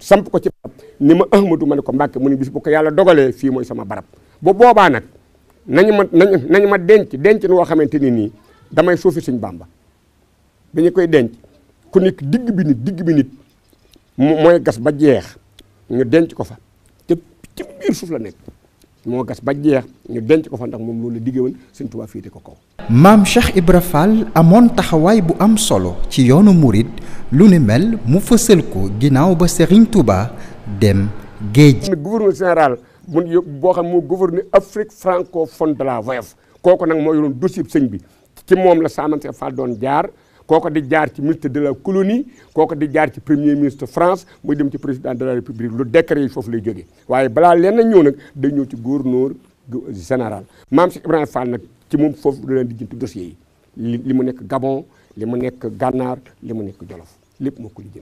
samp ko ci barab ni ma ahmadu ma ne ko mbàkke mu ne bis bu ko yàlla dogalee fii mooy sama barab bu boobaa nag nañu ma nañu ma denc denc woo xamante ni nii damay suufi suñ bàmba bi ñu koy denc ku nekk digg bi nit digg bi nit mooy gas ba jeex ñu denc ko fa te ci biir suuf la nekk moo gas ba jeex ñu denc ko fa ndax moom loolu la diggé woon Sëñ Tuubaa féete ko kaw. maam Cheikh Ibra Fall amoon taxawaay bu am solo ci yoonu murid lu ne mel mu fësal ko ginnaaw ba Serigne Touba dem géej. gouverneur général mu boo xam moo gouverne Afrique francophone de la VOF kooku nag moo yoroon dossier sëñ bi ci moom la Saam Cheikh Fall doon jaar. koko di jaar ci ministre de la colonie koko di jaar ci premier ministre France muy dem ci président de la république lu décret fofu lay jógee waye bala leen na nak nag day ñëw ci gouverneur général mam Cheikh ibrahim Fall nak ci mom fofu do len di jint dossier yi li mu nekk Gabon li mu nekk Gànnaar li mu nekk Jolof lepp moo ko li